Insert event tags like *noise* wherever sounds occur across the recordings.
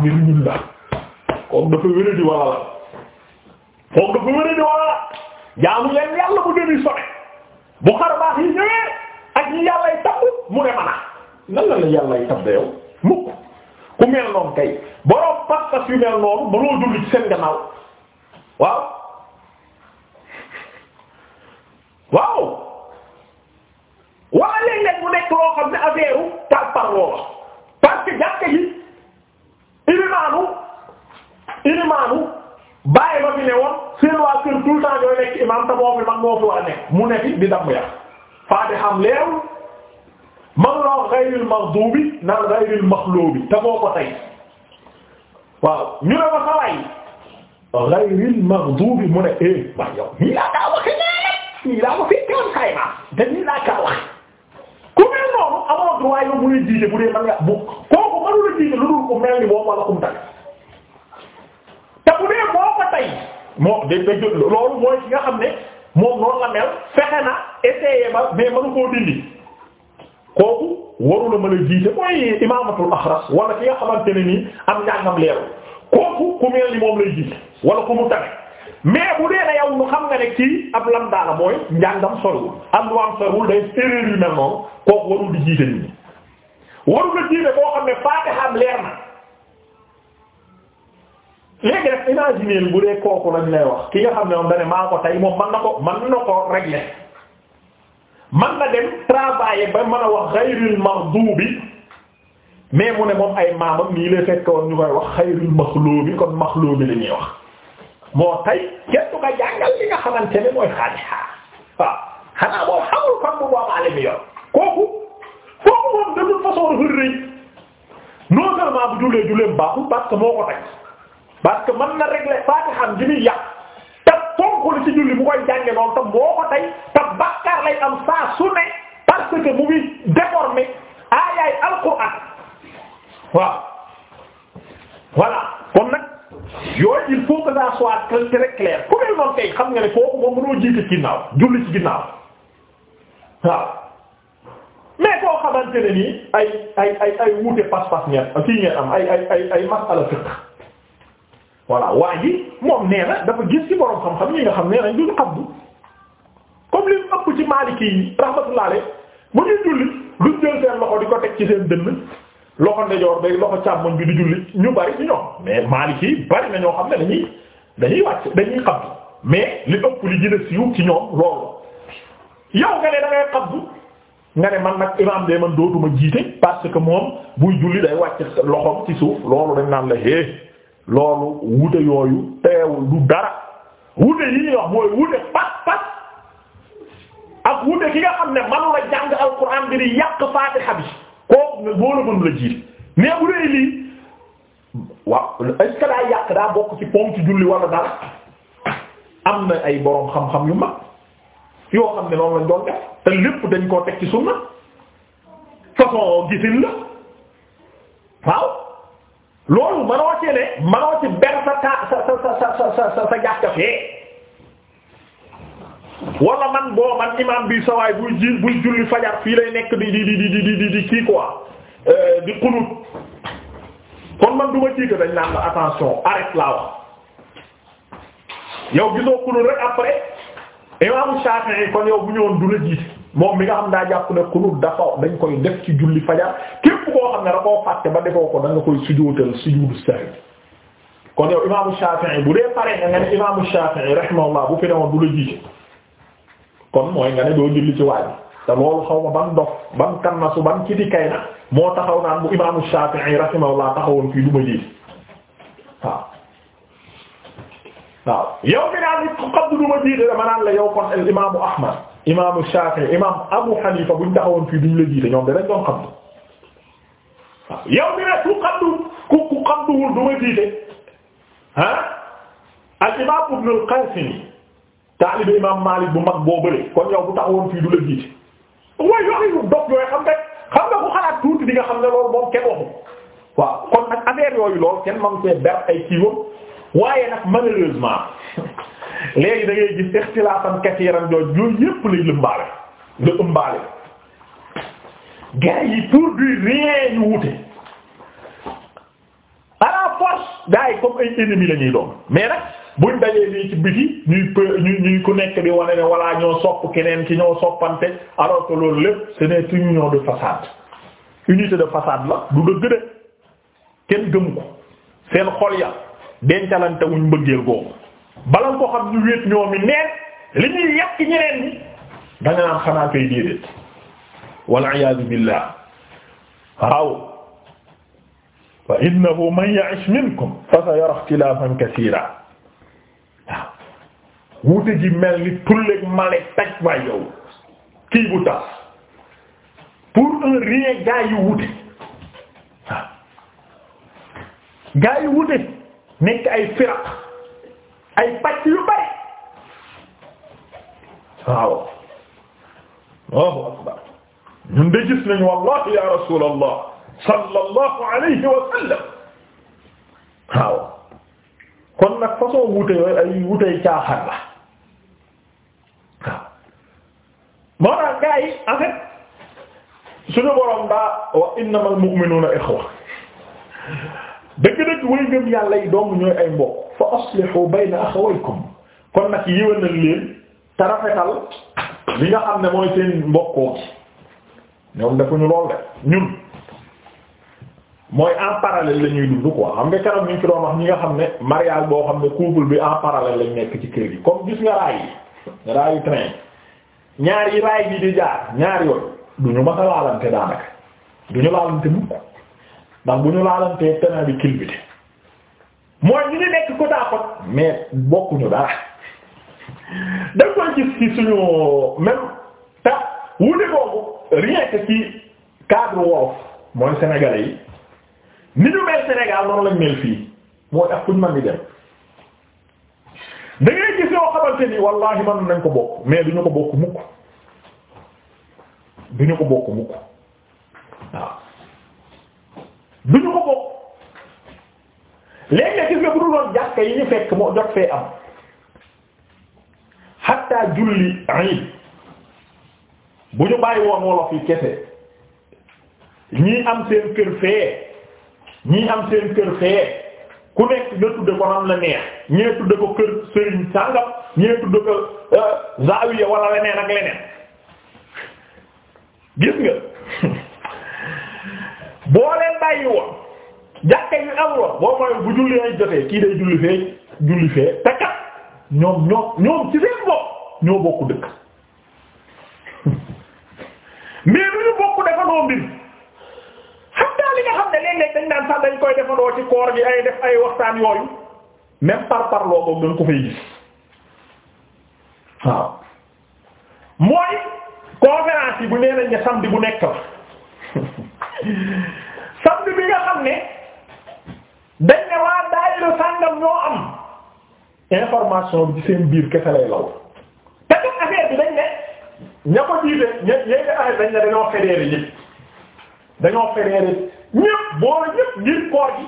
baax ngir ñun la la kooku dafa wéré di wala mu ne mana la la yàlla yi tabb yow mukk ku mel noonu kay borom pas-pas yu mel noonu mënoo julli ci seen gannaaw waaw waaw wala léeg-léeg mu nekk loo xam ne affaire par par loola parce jàkka yi ilimaanu ilimaanu bàyyi ba fi ne woon seen waa kër tout le temps ñooy nekk imaam te moo fi mag moo fi war a nekk mu nekk di damm ya faatiham leerul manuloo ghayril maghdubi na ghayril maghlubi te moo ko tey waaw ñu ne ma xawaay ghayril maghdubi mu ne eh waa yow nii laa kaa waxee nii laa ko fi teewoon kay ma te nii laa kaa waxee ku mel noonu amoo droit yow mu lay diine bu dee man nga bu kooku mënu la diine lu dul ku mel ni moom wala ku mu tàgg te bu dee moo ko tey moo day day loolu mooy ki nga xam ne moom noonu la mel fexe na essayé ba mais mënu koo dindi kooku waru la mën a mooy imaamatul axras wala ki nga xamante ni nii am njàngam leeru kooku ku mel ni moom lay jiite wala ku mu tàgg. mais bu dee na yow lu xam nga ne kii ab lam daala mooy njàngam soriwul am lu am soriwul day erreur yu mel noonu kooku warul di jiite nit ñi warul a jiite xam ne faatixaam leer na léegi rek imaginer kooku lañ lay wax ki nga xam ne moom dane maa ko tey moom man na ko man na ko régler man na dem travailler ba mën a wax ghayril maghdubi mais mu ne moom ay maamam nii lay fekk woon ñu koy wax xayril maxloo bi kon maxloo bi la wax moo tay kenn du ko jàngal nga xamante ne mooy xanaa boo xamul fan bu boobu alim yor kooku kooku moom de toute façon dafa rëy non seulement bu jullee julleem baaxul parce que moo ko tay parce que mën na régler Faatiha ji muy yàq te fonk li ci julli mu koy jànge noonu te moo ko tay te bàkkaar lay am saa su ne mu ngi déformer aayaay Alxuraan waaw voilà yooyu il faut que ça soit très ku mel noonu tey xam nga ne foofu moom mënoo jiite ginnaaw julli ci ginnaaw waaw mais koo xamante ne nii ay ay ay ay pas-pas ngeen kii ngeen am ay ay ay ay masala fiqh voilà waa ji moom nee na dafa gis ci borom xam-xam ñi nga xam nee nañ duñu xabdu comme li ëpp ci Maliki yi rahmatullah alayhi mu ñuy julli lu jël seen loxo di ko teg ci seen dënn loxo ndejoor day loxo càmmoñ bi di julli ñu bari ci ñoom mais Maliki bari na ñoo xam ne dañuy dañuy wàcc dañuy xabdu mais li ëpp li ci ñoom loolu man nag imam de man dootuma jiite parce que moom buy julli day wàcc loxom ci suuf loolu dañ naan la hé loolu wute yooyu teewul du dara wute yi ñuy wax mooy wute pat pat ak wute ki nga xam ne manu la jàng alquran bi di yàq faatiha bi kooku nag boo la mën la jiite mais bu lii waaw est-ce daa yàq daa bokk ci ponk julli wala dara am na ay boroom xam-xam yu mag yoo xam ne noonu lañ doon def te lépp dañ koo teg ci sunna façon gisin la waaw loolu manoo ci ne manoo ci ber sa ta sa sa sa sa sa sa jàkka fee wala man boo man imam bi sawaay buy ji buy julli fajar fii lay nekk di di di di di di kii quoi euh, di xunut kon man du ma jiite dañ naan la attention arrête laa wax yow gisoo xunut rek après imaamu Shafi'i kon yow bu ñëwoon du la jiite moom mi nga xam daa jàpp ne dafa dañ koy def ci julli fajar képp koo xam ne da koo fàtte ba defoo ko da nga koy sujjóotal sujjóotu sahwi kon yow imaamu Shafi'i bu dee pare nga ne imaamu Shafi'i rahimahullah bu fi newoon du kon mooy nga ne doo julli ci waaj te loolu xaw ma ban dox ban kannasu ban kiti kay na moo taxaw naan bu imaamu Shafi'i rahimahullah taxawoon fii du ma jiite waaw waaw yow mi naan it xam du ma jiite dama naan la yow kon el imaamu Ahmad imaamu Shafi'i imaam Abu Hanifa buñ taxawoon fii duñ la jiite ñoom danañ doon xam waaw yow mi naan ku xamdu ku ku xamduwul du ma jiite ah al imaam Ibn al-Qasim taalibe imaam Maalik bu mag boo bële kon yow bu taxawoon fii du la jiite mooy yoo xam ne yooyu xam nga xam nga ku xalaat tuuti di nga xam ne loolu moom kenn waxu waaw kon nag affaire yooyu lool kenn man see ber ay kiiwam waaye nag malheureusement *laughs* léegi da gis ixtilaafan kasiiran jooju yooyu yépp lay lëmbaale la yi pour du rien yu wute à force gars yi comme ay ennemis la ñuy mais nag. buñ dajee nii ci biti ñuy ñuy ñuy ku nekk di wane ne walla ñoo sopp keneen ci ñoo soppante alors lépp ce n'est une union de façade unité de façade la du dëgg de kenn gëm ko seen xol ya dencalante wuñ mbëggeel googu bala ko xam ñu wéet ñoomi neen li ñuy yàq ñeneen ñi da naan xanaa koy déedéet wal iyaadu billah waaw fa innahu man ya'ish minkum fa sayara ikhtilafan kaseera wute ji mel ni tulleeg male taj waay yow kii bu tas pour un rien gaa yu wute waaw ah. gaa yu wute nekk ay firaq ay pàcc yu bari waaw Allahu akbar ñun de gis nañu wallahi ya rasulallah sallallahu alayhi wa sallam waaw kon nag façon wute yooyu ay wutey caaxaan la moo tax gars yi en borom daa wa innamal mu'minuna ikhwa dëgg-dëgg way ngëm yàlla yi ñooy ay mbokk fa aslihu bayna akhawaykum kon nag yéwénal leen te rafetal li nga xam ne mooy seen mbokkoo gi ñoom defuñu lool ñun mooy en parallèle la ñuy dund quoi xam nga kanam ñu ci doon wax ñi nga xam ne mariage boo xam ne couple bi en parallèle lañ nekk ci kër yi comme gis ñaar yi bi di jaar ñaar yoon du ñu mën a laalante daanaka du ñu laalante mukk ndax bu ñu laalantee tenant bi kilbite mooy ñu nekk ko daakot mais bokkuñu dara da koy gis ci suñu même ta wute boobu rien que ci cadre wolof mooy sénégalais yi ni ñu mel Sénégal noonu lañ mel fii mooy tax fu ñu da ngay gis yoo xamante ni wallahi man nañ ko bokk mais du ñu ko bokk mukk du ñu ko bokk mukk waaw du ñu ko bokk léegi gis nga bu dul doon jàkka yi ñu fekk moo jot fee am hatta julli iid bu ñu bàyyi woon wolof yi kese ñii am seen kër fee ñii am seen kër fee ku nekk nga tudde ko nam la neex ñee tudde ko kër sëriñ sàngam ñee tudde ko euh, zawiya wala leneen ak leneen gis nga *laughs* boo leen bàyyi woon jàkka yu amuloon boo mooy bu julli ay jotee kii day julli fee julli fee te ñoom ñoom ñoom ci seen bopp ñoo bokku dëkk *laughs* mais lu ñu bokk defandoo mbir xam daal li nga xam ne léeg-léeg dañ naan sax dañ koy defandoo ci koor gi ay def ay waxtaan yooyu même par par loo boobu dañ ko fay gis waaw mooy conférence yi bu nee nañ ne samedi bu nekk la *laughs* samedi bi nga xam ne dañ ne waa daayira sàngam ñoo am information bi seen biir kese lay law te kat affaire dañ ne ña ko jiite ña ña nga dañ ne dañoo fédéré ñëpp boo ñëpp ngir koor gi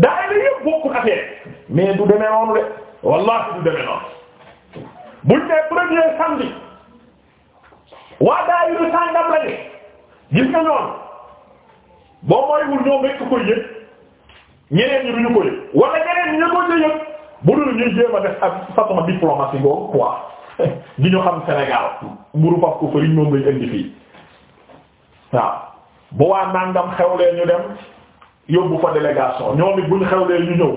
daay la yëpp bokkul affaire mais du demee noonu de wallahi du demee noonu buñ ne premier samedi waa yu sàngam la de gis nga ñoon boo mooywul ñoom rekk koy yëg ñeneen ko yëg wala ñeneen ñi ñu ko ñu yëg bu dul ñuy jéem a def ak façon diplomatie boobu quoi *laughs* di ñu xam Sénégal mburu faf ko fëriñ moom lañ indi fii waaw bu waa nangam yóbbu fa délégation ñoom it bu ñu xewlee ñu ñëw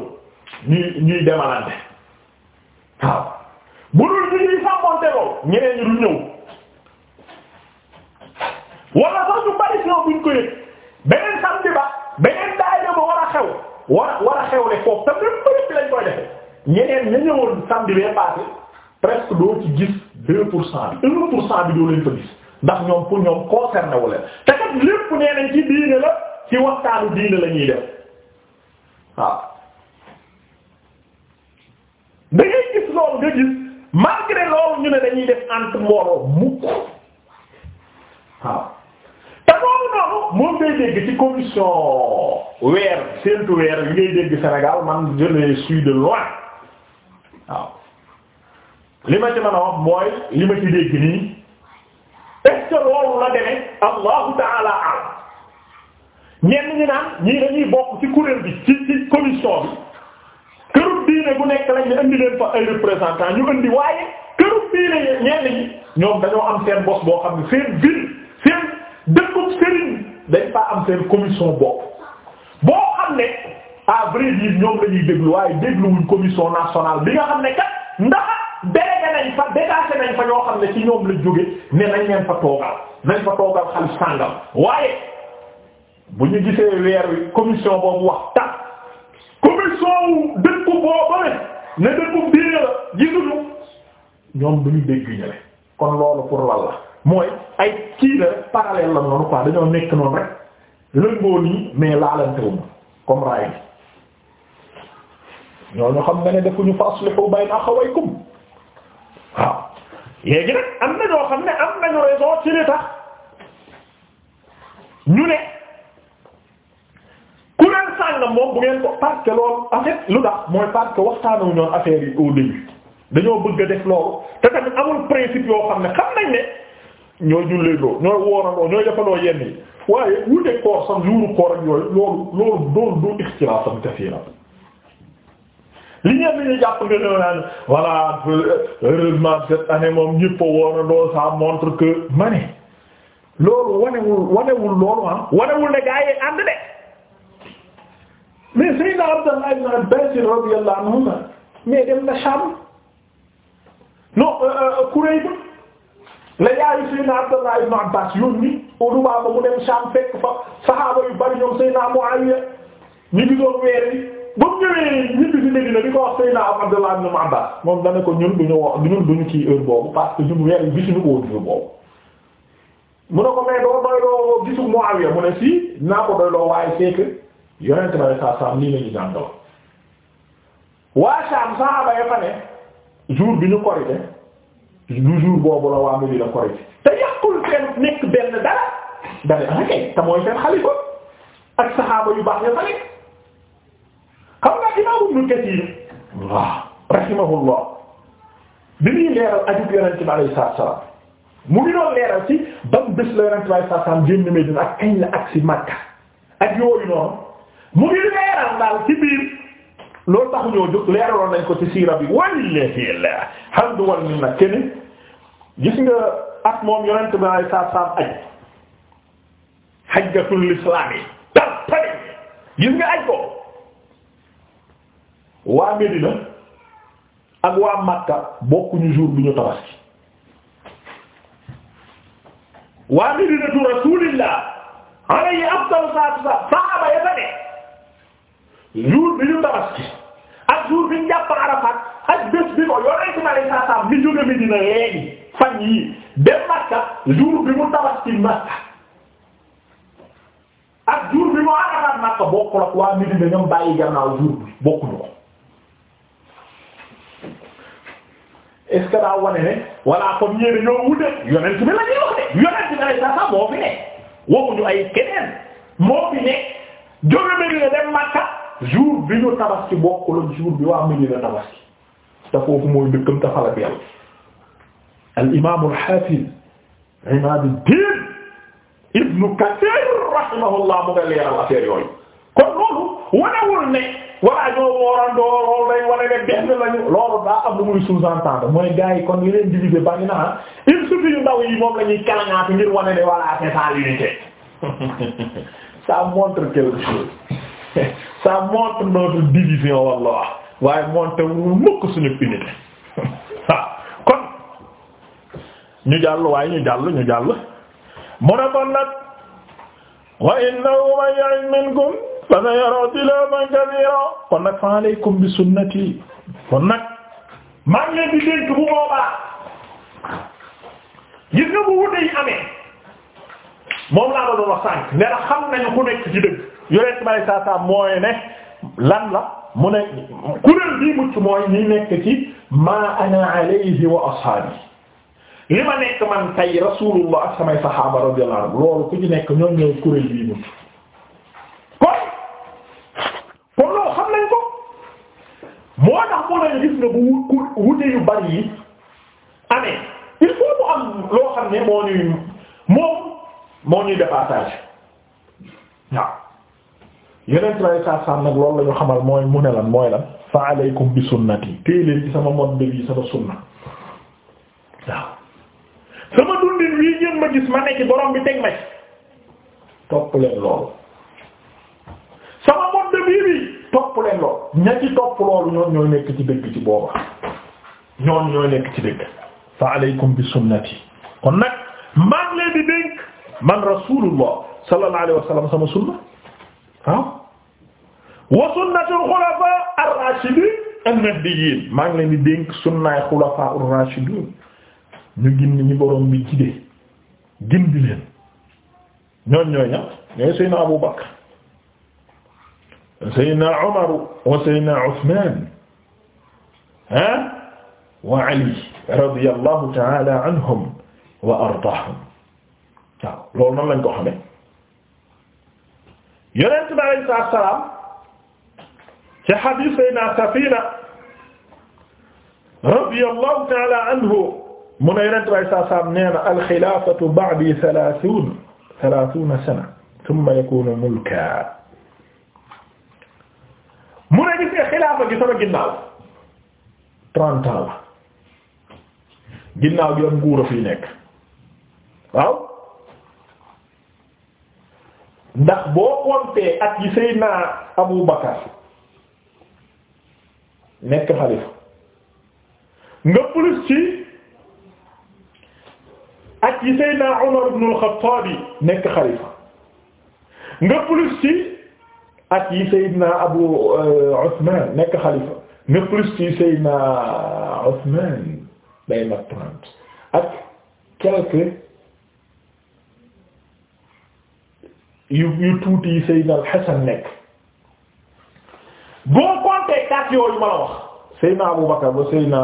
ñuy ñuy demalante waaw bu dul ñu ñuy sàmmonte lool ñeneen ñi du ñëw wala sax ñu bari si buñ ko yëg beneen samedi ba beneen daayira ba war a xew war war a xewle foofu te même bëri bi lañ koy defee ñeneen ña ñëwoon samedi bee passé presque gis deux pour cent bi un pour cent bi doo leen fa gis wu la. ci waxtaanu diine la ñuy def waaw da ngay gis loolu nga gis malgré loolu ñu ne dañuy def ant mbooloo mukk waaw te loolu noonu moom ngay dégg ci commission weer seentu weer yi ngay dégg Sénégal man je ne loin waaw li ma ci mën a wax mooy li ma ci dégg nii est-ce que loolu allahu taala alam ñenn ñi naan ñii dañuy bokk ci kuréel bi ci ci commission bi këru diine bu nekk lañ ñu indi leen fa ay représentants ñu indi waaye këru diine ñenn ñi ñoom dañoo am seen bos boo xam ne seen ville seen dëkkub sëriñ dañ fa am seen commission bopp boo xam ne à vrai ñoom la déglu waaye dégluwuñ commission nationale bi nga xam ne kat ndax délégué nañ fa dégager nañ fa ñoo xam ne ci ñoom la jóge ne nañ leen fa toogal nañ fa toogal xaalis sàngam waaye. bu ñu gisee weer wi commission boobu wax tax commission wu dëkku boobale ne dëkku diine gisuñu ñoom duñu dégg ñële kon loolu pour lan la mooy ay kii la la noonu quoi dañoo nekk noonu rek lëngoo nii mais laalantewuma comme raay bi ñooñu xam nga ne defuñu fa aslihu bayna akhawaykum waaw léegi nag am na ñoo xam ne am nañu raison ci li ñu ne ku leen sàngam moom bu ngeen ko loolu en lu tax mooy parce que waxtaanu ñoon affaire yi au début dañoo bëgg def loolu te tamit amul principe yoo xam ne xam nañ ne ñooy jullee loo ñooy woorandoo ñooy defaloo yenn yi waaye wute koor sax juuru koor yooyu loolu loolu doolu du ixtilaafam kasiira li ñeen ñu jàpp nga ñëw naan voilà heureusement cette année moom ñëpp montre que ma ne loolu wanewul wanewul loolu ah wanewul ne gaa yi ànd de mais Seydina Abdallah ibn Abbas radiyallahu anhuma mais dem na Sham non euh, euh, Kurayb la yaayu Seydina Abdallah ibn Abbas yónni Uruba ba mu dem Sham fekk fa saxaaba yu bari ñoom Seydina Muawiya ñu gisoon weer yi ba mu ñëwee ñibbi ci Medina di ko wax Seydina Abdallah ibn Abbas moom dana ko ñun duñu wax ñun duñu kii heure boobu parce que ñun weer yi gisuñu ko woon heure mu ne ko mais doo doy loo gisu Muawiya mu ne si naa ko doy loo waaye c'est yonent ba ne saa saam nii lañu daan doon waa saam saaba ya fa ne jour bi ñu korite du jour boobu la waa mu la korite te yàqul nekk benn dara dane ah kay te mooy seen xalifa ak saxaaba yu baax ya fa xam nga imaamu Ibnu Kasiir waaw rahimahullah bi muy leeral ajub yonent bi alayhi salaatu salaam mu ngi doon leeral ci ban bés la yonent bi alayhi salaatu salaam génn Medina ak kañ la ak si Makka ak yooyu noonu mu ngi leeral daal ci biir loolu tax ñoo jóg leeraloon nañ ko ci siira bi wallaahi alhamdu wal minna kenn gis nga at moom yonent bi ay saab saab aj hajjatul islaam yi tar tari nga aj ko waa Medina ak waa Makka bokkuñu jour bi ñu tabaski waa Medinatu rasuulillah alayhi afdalu salaatu wa salaam saxaaba ya fa jour bi ñu tabaski ak jour bi ñu jàpp Arafat ak bés bi ko yore ci mari saa saa mi jóge Medina léegi fan yii dem Makka jour bi mu tabaski Makka ak jour bi mu Arafat Makka bokkul ak waa Medina ñoom bàyyi gannaaw jour bi bokkuñu ko est-ce que daa wane ne voilà comme ñeene ñoo wute yonent bi la ñuy wax de yonent bi mari saa saa moo fi ne waxuñu ay keneen moo fi ne jóge Medina dem Makka jour bi ñu tabaski bokkul ak jour bi waa Medina tabaski te foofu mooy dëkkam ta fala beel al imam al hafiz Imaduddin ibnu Kathir rahimahullah mu nga leeral affaire yooyu kon loolu wanewul ne wala ñoo woorandoo loolu day wane ne benn lañu loolu daa am lu muy sous-entendre mooy gars yi kon yeneen divisé bari naa ah. il suffit yu ndaw yi moom la ñuy kalaŋaati ngir wane ne voilà c'est ça l'unité *laughs* ça montre quelque chose *laughs* ça montre notre division wallah waaye montre wu mukk suñu unité waaw *laughs* kon ñu jàll waaye ñu jàll ñu jàll mu ne kon nag wa innahu man ya'ish minkum fa sayara ikhtilafan kathira kon nag fa alaykum bi sunnati kon nag maa ngi leen di dénk bu boobaa gis nga bu wute yi amee moom laa doon wax sànq ne la xam nañu ku nekk ci dëgg yonent bi saa ne lan la mu ne kuréel bii mucc mooy ñi nekk ci ma ana alayhi wa ashaabi li ma nekk man tay rasulullah ak saxaaba radiyallahu anhum loolu ku ci nekk ñoom ñooy kuréel bii mucc kon kon loolu xam nañ ko moo tax moo nañ gis nga bu wute yu bari yi amee il faut am loo xam ne moo ñuy moom moo ñuy départage waaw yeneen traité saa saa nag loolu la xamal mooy mu ne lan mooy lan fa alaykum bi sunnati téye leen ci sama mode de vie sama sunna waaw sama dundin wii ngeen ma gis ma ne ci bi teg ma topp leen loolu sama mode de vie bi topp leen loolu ña topp loolu ñoom ñooy nekk ci dëgg ci booba ñoom ñooy nekk ci dëgg fa alaykum bi sunnati kon nag maa leen di dénk man rasulullah sallallahu alayhi wa sallam sama sunna wa sunnatul xulafaa ar-raashidiin an-nahdiyyiin maa ngi leen di dénk sunnaay xulafaa ar-raashidiin ñu gindi ñu borom bi gide gindi leen ñoon ñooy ña ñooy Seydina Abu Bakr Seydina Umar wa Seydina Usmaan ah wa Ali radiyallahu ta'ala anhum wa ardaahum waaw loolu nan lañ ko xamee yonent bi alayhi salaam ci xadiis sayna Safina radiyallahu ta'ala anhu mu ne yonent bay saa saam nee na alxilaafatu ba'di thalaathuun thalaathuuna sana thumma yakuunu mulkan mu ne gis nga xilaafa gi sama ginnaaw trente ans la ginnaaw gi am nguur a fi nekk waaw ndax boo compter ak yi Seydina Abu Bakar nekk xalifa nga plus ci ak yi Seydina Umar ibn al-Khattab nekk xalifa nga plus ci ak yi Seydina Abu euh, Usman nekk xalifa nga plus ci Seydina Usman day mat trente ak quelques yu yu tuuti yi Seydina al-Hasan nekk boo compter quatre yooyu ma la wax Seydina Abu Bakar ba Seydina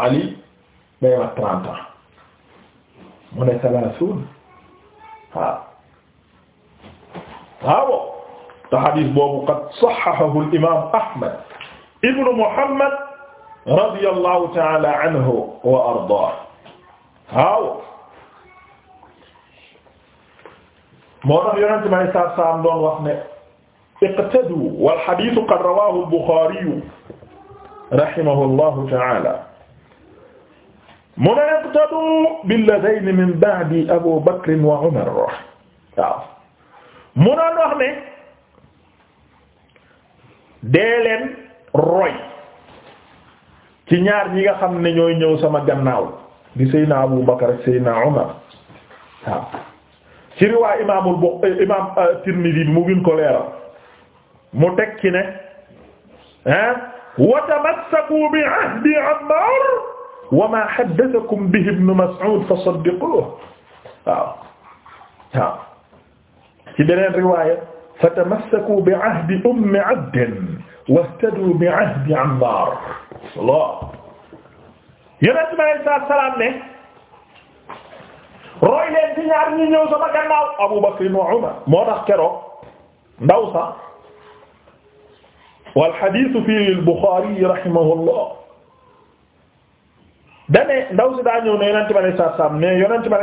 Ali day wax trente ans mu ne salaasuun waaw waaw te xadis boobu qad saxahahu al imaam Ahmad ibnu Muhammad radiyallahu ta'ala anhu wa ardaahu waaw moo tax yonent may saar saam doon wax ne iqtadu wal hadiisu qad rawaahu al-Buxaari rahimahullahu ta'aala mu ne iqtadu billadayni min ba'di Abu Bakr wa Umar waaw mu doon wax ne dee leen roy ci ñaar ñi nga xam ne ñooy ñëw sama gannaaw di Seydina Abu Bakr ak Seydina Umar waaw ci riwaay imaamul Buxaari imaam Tirmidi mu gën ko leeral mu teg ci ne ah wa tamassaku bi ahdi Ammar wa ma haddathakum bihi ibn Mas'ud fa saddiquhu waaw waaw ci beneen riwaaya fa tamassaku bi ahdi ummi Abd wahtadu bi ahdi Ammar Allah yonent bi alayhi salaatu wa salaam ne roy leen ci ñaar ñi ñëw sama gannaaw Abu Bakr wa Umar moo tax keroog ndaw sax wal xadiisu fii al-Buxaari rahimahullah dane ndaw si daa ñëw ne yonent bi alayhi salaatu salaam ne yonent bi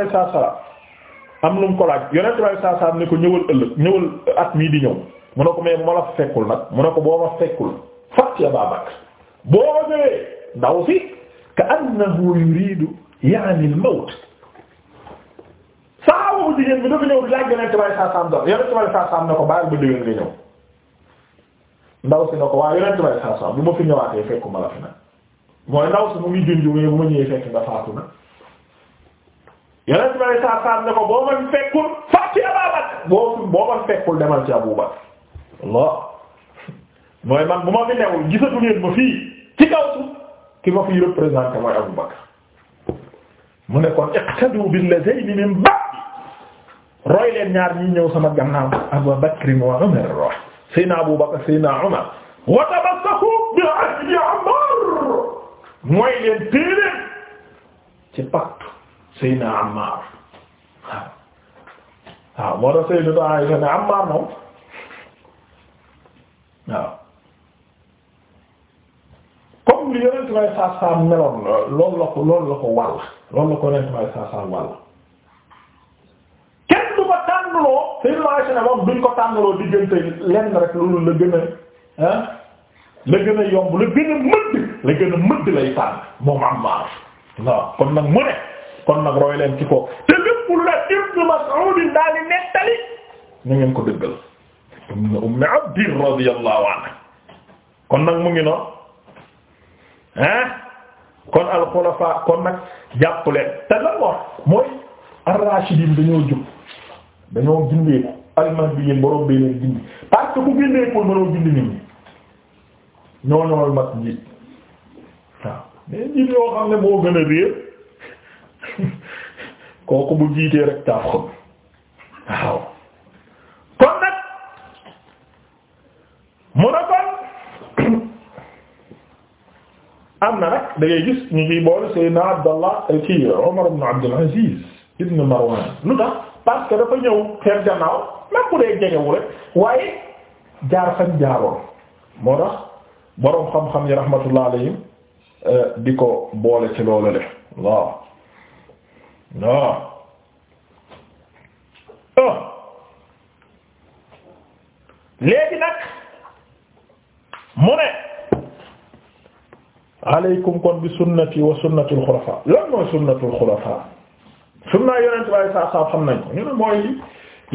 am lu mu ko laaj yonent bi salaam ne ko ñëwal ëllëg ñëwal at mii di ñëw mu ne ko mais bu ma la fekkul nag mu ne ko boo ma fekkul fàtte Abaa Bakr boo ma ñëwee ndaw si ka annahu yuriidu yaani al-mawt saa woo jigéen bi dafa ñëw laaj yonent bi alayhi salaatu salaam yonent bi alayhi salaatu ko baal ndaw si na ko waaye yonent bay saa saa bu ma fi ñëwaatee fekkuma la fi nag mooy ndaw si mu ngi junj mais bu ma ñëwee fekk nga faatu na yonent bay saa saa ne ko fekkul faat ci Abubakar boo boo fekkul demal ci Abubakar Allah mooy man bu ma fi newul gisatu ngeen ma fii ci kaw su ki ma fi représenté mooy Abubakar mu ne kon iqtadu billadhayni min ba'di roy leen ñaar ñi ñëw sama gannaaw Abubakar wa Umar Seydina Abu Bakr Seydina Umar wa tamassaku bi ahdi Ammar mooy leen téere ci pacte Seydina Ammar waaw waaw moo tax Seydina Aysa ne Ammar moom waaw comme li Yonent bi sallallahu alayhi wa sallam meloon loolu la ko loolu la ko wàll loolu la ko Yonent bi sallallahu alayhi wa sallam wàll seen marché ne moom duñ ko tàngaloo diggante lenn rek loolu la gën a ah gën a yomb la gën a mëdd la gën a mëdd lay tànn moom Ammaar waaw kon nag mu ne kon nag roy leen ci ko te lépp lu la Ibn Mas'ud daal di nettali na ngeen ko dëggal ibn Umm Abd radiyallahu anha kon nag mu ngi noonu ah kon al-khulafa kon nag jàpp leen te la wax mooy ar-rashidin dañoo jub dañoo gindeeku almahdiyiin borom bee leen gindi parce que bu gindeekul mënoo gindi nit ñi ñoo ñooy mat njiit waaw mais njiit yoo xam ne moo gën a réer *laughs* kooku bu jiitee rek taa xob waaw kon nag mu na kon *coughs* na nag da ngay gis ñu ngi boole Seydina Abdallah ci Umar ibn Abdul parce que dafa ñëw seen gannaaw même bu dee jegewu rek waaye jaar fañ jaaroon moo tax boroom xam-xam yi rahmatullah alayhim euh, di ko boole ci loolu le waaw waaw ah. léegi nag mu ne aleykum kon bi sunnati wa sunnati al-khulafa mooy sunnatu al sunna yonent bi saa saa xam nañ ko ñu ne mooy li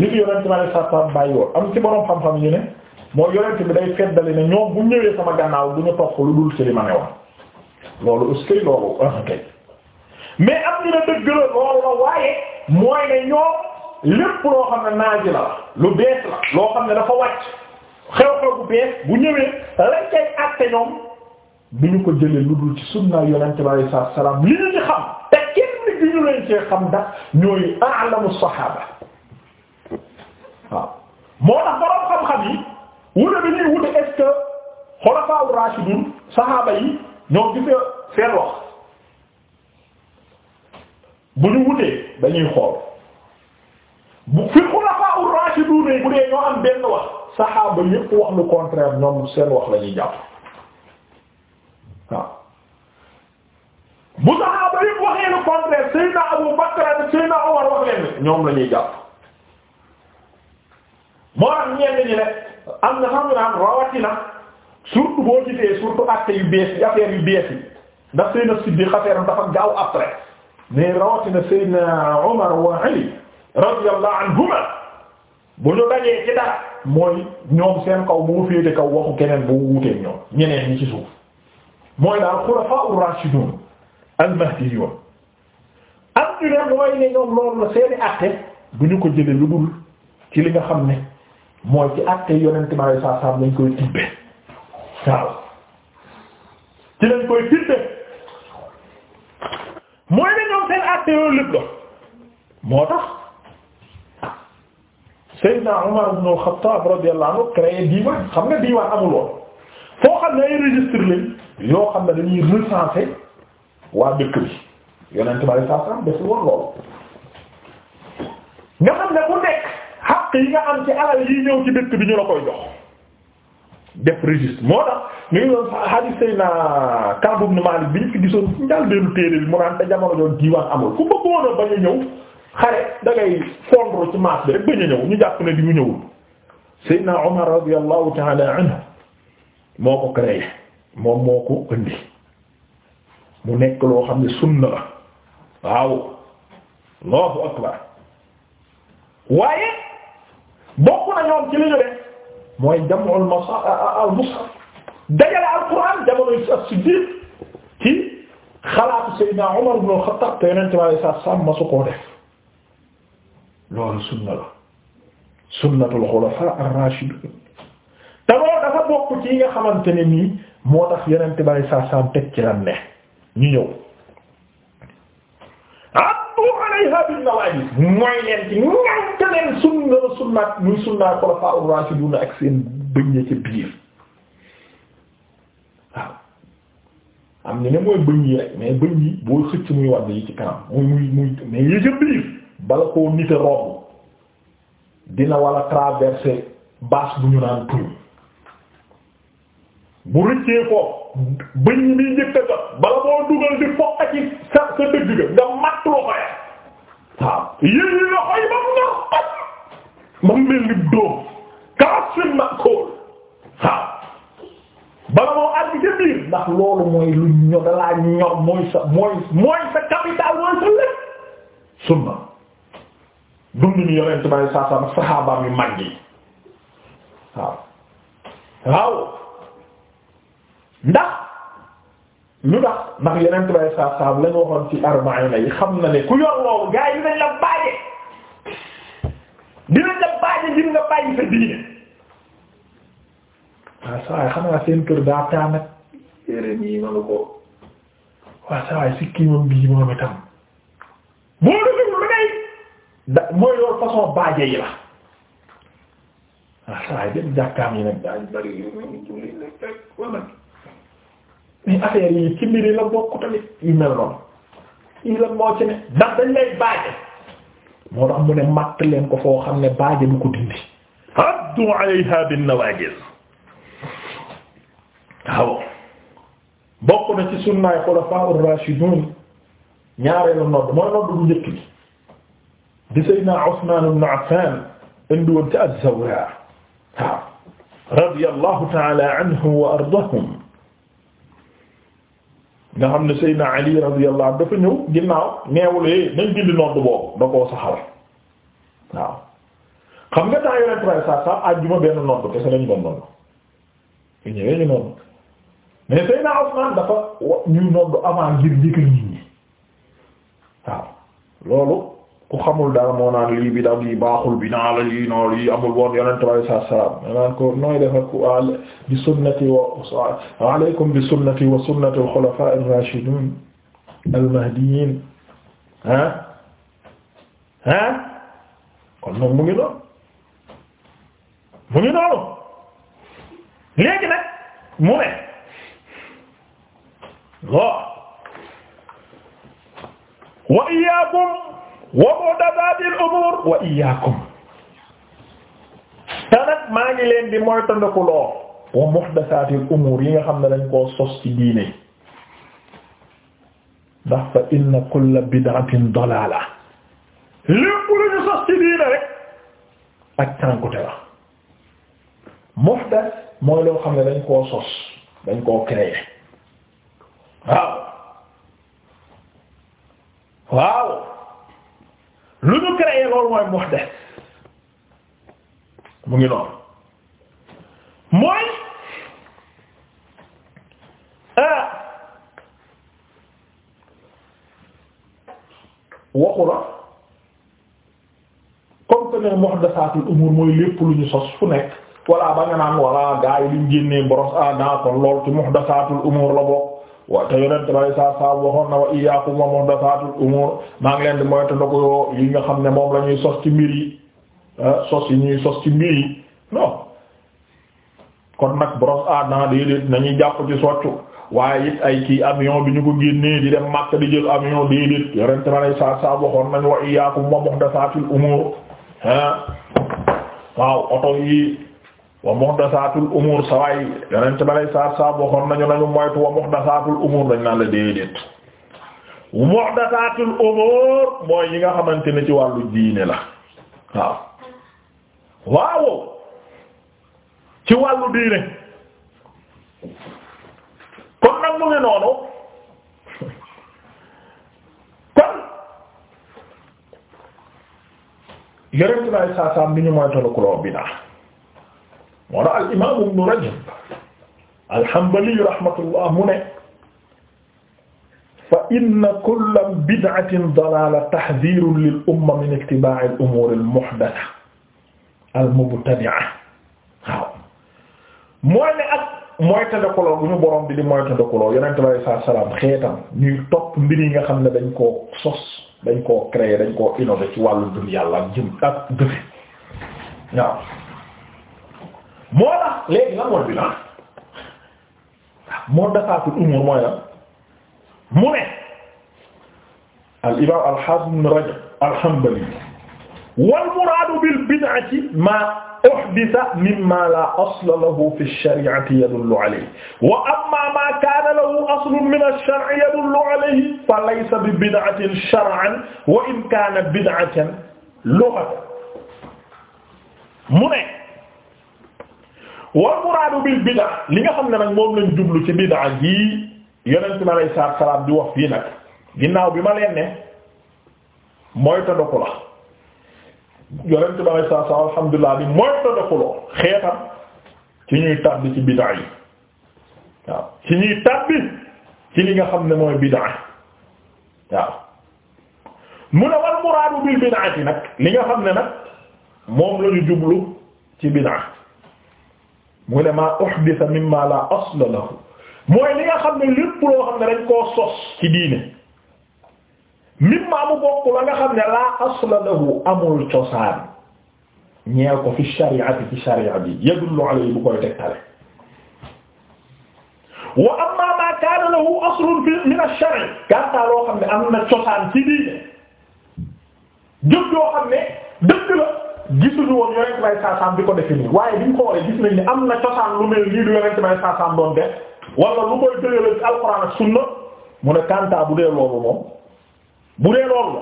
li yonent bi saa saa xam-xam ñu ne mooy yonent bi day feddali ne ñoom bu ñëwee sama gannaaw du ñu topp lu dul ci ne woon loolu est loolu ah, mais am ñu ne dëgg la loolu la waaye mooy ne ñoom lépp loo xam ne naaji la lu bees la loo xam ne dafa wàcc xew-xew bu bees bu ñëwee lañ àtte ñoom du ñu ko jëlee lu dul ci sunna yonent bi saa salaam li ñu ci xam te bi ñu leen xam ndax ñooy a'lamu saxaaba moo tax borom xam-xam yi wute bi ñuy wute est-ce que xulafaa raashidun saxaaba yi ñoo gis seen wax bu ñu wutee dañuy xool bu fi xulafaa raashidun bu dee ñoo am benn wax saxaaba yépp wax lu contraire ñoom seen wax lañuy ñuy waaw. bu saxaaba yëpp waxee lu contraire Seydina Abu Bakr ak Seydina Umar wax ñoom la ñuy jàpp moo tax ñenn ñi ne am na xam rawatina surtout boo gisee surtout actes yu bees yi affaires yu bees yi ndax Seydina Siddiq affaire dafa gaaw après rawatina Seydina Umar wa Ali anhuma bu ñoom seen kaw moo féete kaw waxu keneen bu wuuteeg ñoom ñeneen ñi ci suuf mooy daal xulafaa ur-rashidun al-Mahdi yoon am ñu ne mooy la seeni àtte bu ñu ko jële lu dul ci li nga xam ne mooy ci àtte yonent ma lay saa saam lañ koy tibbe waaw ci lañ koy tibbe mooy ne ñoom seen àtte yooyu lépp la moo tax Seydina Umar ibn al-Khattab radiyallahu anhu créé diiwaan xam nga diiwaan amul woon foo xam ne ay registre lañ yoo xam ne dañuy recenser waa dëkk bi yonent bi saa saa def woon loolu nga xam ne ku nekk nga am ci alal yi ñëw ci bi ñu la koy def registre moo tax hadith Seydina Ka'b ibn Malik bi ñu gisoon njàll benn téere bi mu naan te jamono doon diiwaan amul ku bëggoon a bañ a ñëw xare da ngay fondre ci maas bi rek bañ a ñëw ñu jàpp ne di mu ñëwul Seydina Umar radiyallahu ta'ala anhu moo ko créé moom moo ko indi mu nekk loo xam ne sunna la waaw allahu akbar waaye bokk na ñoom ci li ñu def mooy jam'ul mushaf dajale alquran jamonoy as-Siddiq ci xalaatu Seydina Umar ibn al-Khattab te Yonent bi alayhi salaatu salaam masu koo def loolu sunna la sunnatul xulafaa ar-raashidiin te loolu dafa bokk ci yi nga xamante ne nii moo tax Yonent bi alayhi salaatu salaam teg ci lan ne. ñu ñëw addu alayha bin nawajis mooy leen ci ngànte leen sunna sunna muy sunna xulafaa ar-raashidun ak seen bëñ ci biir waaw am ñu ne mooy bëñ yi rek mais yi boo xëcc muy wadd yi ci kanam muy muy muy mais yi ca biir bala koo nite romb dina wala traverser bâche bu ñu naan tuñ bu rëccee ko bëñ mi njëkk bala moo dugal di foq ci sa sa dëgg nga matt loxo ya waaw yéen ñi loxo ba mu ñor xaj ma mel ni doom kaasul na kóol waaw bala moo àgg ca biir ndax loolu mooy lu ñor da ñor mooy sa mooy mooy sa capital mooy sa lépp sunna dundu ñu yonent bi sallallahu alayhi wasallam saxaabaam yu mag yi waaw waaw ndax lu tax ndax yeneen tubaab saab saab lañu waxoon ci arbaina yi xam na ne ku yor loolu gaa yi dinañ la baaje dinañ la baaje ngir nga bàyyi sa diine waaw saa waay xam nga seen kër daa taa nag yéréen yi manu ko waaw saa waay sikki moom bii moom itam moo dëgg lu ngay da mooy loolu façon baaje yi la waaw saa waay dem jàkkaam yi nag daa bari mais affaire yi ci mbiri la bokk tamit yu mel noonu yi la moo ci ne ndax dañ lay baaje moo tax mu ne matt leen ko foo xam ne baaje du ko dindi addu alayha bin nawajiz waaw bokk na ci sunnaay xulafa'ur rashidun ñaareelu nodd mooy nodd bu njëkk bi di sayyidina Usman ibn Affan indi woon ci az-Zawra waaw radiyallahu ta'ala anhu wa ardahum nga xam ne Seydina Ali radiyallahu dafa ñëw ginnaaw neewulee eh, nañ dindi nodd boobu da koo saxal waaw xam nga temps yore trois cent cent benn nodd kese lañ doon nodd ñu ñëwee ñu nodd mais Seydina Usman dafa wa nodd avant ngir njëkk nit ñi waaw loolu. ku xamul dara moo naan lii bi daal lii baaxul bi naa la lii noonu lii amul woon yonent bi alayhi salaam naan ko nooy def ak bi sunnati wa alaykum bi sunnati wa sunnati al-khulafa ar-rashidin al-mahdiyyin ah ah kon nag mu ngi noonu mu ngi noonu léegi nag mu ne wa iyyakum wa muhdathatil umur wa iyyakum te nag maa ngi leen di moytandiku loo wa muhdathatil umur yi nga xam ne dañ koo sos ci diine ndax fa inna kulla bid'atin dalala lépp lu ñu sos ci diine rek ak cànkute la muhdath mooy loo xam ne dañ koo sos dañ koo créer waaw waaw lu ñu créé loolu mooy muhdath mu ngi noonu mooy euh, waxu la comme que ne muhdathatul umur mooy lépp lu ñu sos fu nekk walla ba nga naan walla gaa yi liñ génnee boros a ah, naa kon lool ci muhdathatul umur la bokk wa te yonente bay saa saa waxoon na wa iyyaakum wa muhdathatul umur maa ngi leen di moyta nda ko yi nga xam ne moom la ñuy sos ci mbir yi ah, sos yi ñuy sos ci mbir yi non kon nag brosse à dents déedéet nañuy jàpp ci soccu waaye it ay kii avion bi ñu ko génnee di dem Makka di jël avion déedéet yonente balay saa saa waxoon nañ wa iyyaakum wa muhdathatul umur ah waaw oto yi wa muhdathaatul umuur sa waay yonent ba lay saar saab waxoon nañu nañu moytu wa muhdathaatul umuur dañ naan la déedéet muhdathaatul umuur yi nga xamante ne ci wàllu diine la wàllu diine kon nag mu ngi noonu kon yonent ba lay saar saab ni ñu moytu la kuloo bidaa moo tax al imam ibn Rajab al-Hanbali rahmatullah mu ne fa inna kulla bid'atin dalaala tahdhirun lil umma min ittiba'i al umur al muhdatha al mubtadi'a waaw mooy ne ak moytandikuloo bu ñu borom bi di moytandikuloo yonente bi alayhi salaatu salaam xeetam ñuy topp mbir yi nga xam ne dañ koo sos dañ koo créer dañ koo innover ci wàllu dund yàlla ak jëm ak dëfe waaw moo tax léegi lan mooy bilan moo dafaatul umur mooy lan mu ne al imaam al haafiz ibn Rajab al Hanbali wal muraadu bil bid'ati ma uhdisa mimma la asla lahu fi shari'ati yadullu alayhi wa amma ma kaana lahu aslun min ash-shar'i yadullu alayhi fa laysa bi bid'atin shar'an wa in kaana bid'atan lughatan mu ne wal muraadu bil bida li nga xam ne nag moom lañ jublu ci bida ji yonent bi alayhi salaatu salaam di wax fii nag ginnaaw bi ma leen ne mooy tëddaku la yonent bi alayhi salaatu alhamdulilah bi mooy tëddaku loo xeetam ci ñuy tàbbi ci bida yi waaw ci ñuy tàbbi ci li nga xam ne mooy bida waaw mu ne wal muraadu bil bidaati nag li nga xam ne nag moom lañu jublu ci bida mu ne maa uhdisa mimma la asla lahu mooy li nga xam ne lépp loo xam ne dañ koo sos ci diine mimma mu bokk la nga xam ne la asla lahu amul cosaan ñeel ko fi shari'ati ci shari'a bi yadullu alayhi bu koy tegtale wa amma ma kaana lahu aslun fi min ash-shar'i gàttaa loo xam ne am na cosaan ci diine jëf yoo xam ne dëgg la gisuñu woon yonent bay saasaam bi ko defe waaye bi ñu ko waree gis nañ ne am na cosaan lu mel nii lu yonent bay saasaam doon def wala lu koy dëgëral ci alxuraan ak sunna mu ne kanta bu dee loolu moom bu dee loolu la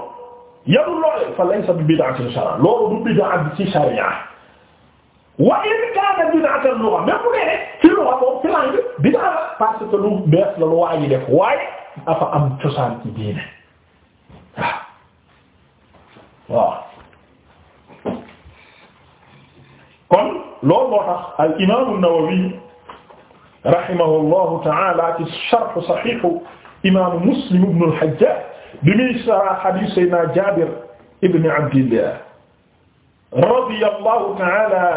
yadu loole fa laysa bi bid'atin shar'a loolu du bid'a ci sharia wa in kaana bid'atan lugha mais bu dee ci lugha moom ci langue bid'a la parce que lu bees la lu waaji def waaye dafa am cosaan ci diine waaw waaw kon loolu moo tax al imaamu an-Nawawi rahimahullahu ta'ala ci sharh sahih imaamu Muslim ibn al-Hajjaj bi muy sara hadith Seydina Jaabir ibn Abdillah radiyallahu ta'ala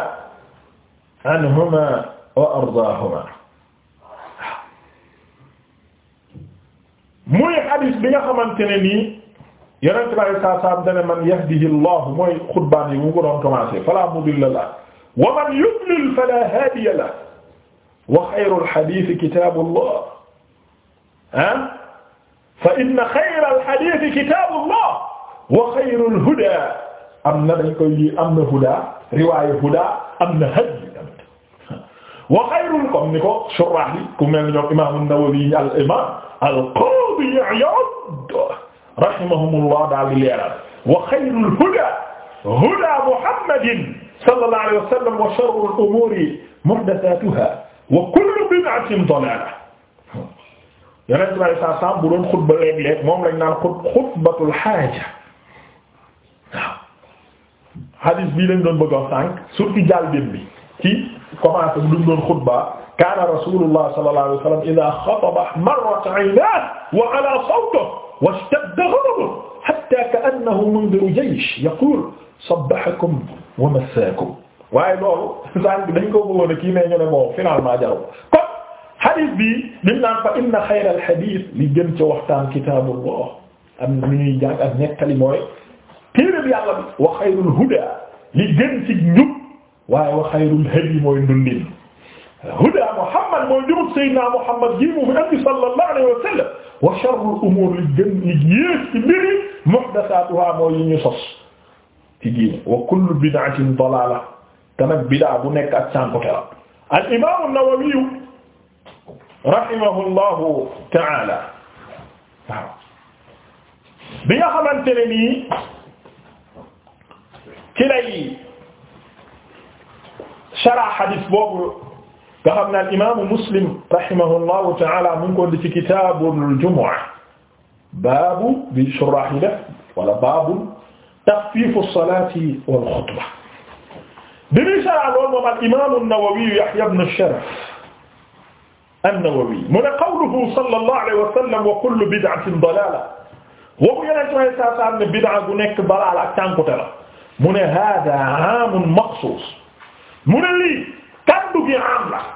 anhuma wa ardaahuma muy hadith bi nga xamante ne nii Yonent bi sallallahu alayhi wa sallam dane man yahdihi Allahu mooy xutbaan yi mu ko doon commencé fala mudilla lahu wa man yudlil fala hadiya lahu wa xayrul hadiisi kitaabullah ah fa inna xayral hadiisi kitaabullah wa xayrul hudaa am na dañ koy lii am na hudaa riwaayu hudaa am na hadi wa xayrul comme ni ko surah yi ku mel ni ñoom imaam an-Nawawi al imaam al-Qaadi Iyaad rahimahumullah daal di leeral wa xayrul hudaa hudaa Muhammadin sallallahu alayhi wa sallam wa sharru al-umuri muhdathatuha wa kullu bid'atin dalalah yeneen tubaab yi saa bu doon xutba léeg-léeg moom lañ naan xut xutbatul xaaja waaw hadis bii lañ doon bëgg a sànq surtout jàllbeen bi ci commencé bu doon xutba kaana rasulullah sallallahu alayhi wa sallam idha xataba ihmarrat aynaahu wa ala sawtuhu washtadda ghadabuhu hatta ka'annahu mundiru jaysh yaqulu sabbahakum wa massaakum waaye loolu sànq dañ ko bëggoon a kii nee ñu ne moom finalement jarul kon hadith bi lim naan fa inna xayral hadith li gën ca waxtaan kitaabullah am lu ñuy jàng ak nettali mooy téere bi yàlla bi wa xayrul huda li gën ci njub waaye wa xayrul hadi mooy ndundin huda muhammad mooy njubut sayyidina muhammad ji mu fi andi sallallahu alayhi wa sallam wa sharrul umur li gën li yées ci mbiri muhdathatuha mooy yi ñu sos ci diine wa kullu bid'atin dalaala te nag bid'a bu nekk ak sànkute la al imaamu an-Nawawi rahimahullahu ta'ala waaw bi nga xamante ne nii ci lay sharh hadith boobu nga xam ne al imaamu Muslim rahimahullahu ta'ala mu ngi ko di ci kitaabul jumu'a baabu bi shurah yi def wala baabu taxfiifu salaati wal xutba bi muy sara loolu moom al imaamu an-Nawawi Yahya ibn Sharaf an-Nawawi mu ne qawluhu sallallahu alayhi wa sallam wa kullu bid'atin dalaala boobu yeneen sooy saasaam ne bid'a gu nekk dalaala ak cànkute la mu ne haadaa aamun maxsuus mu ne lii kaddu gi aam la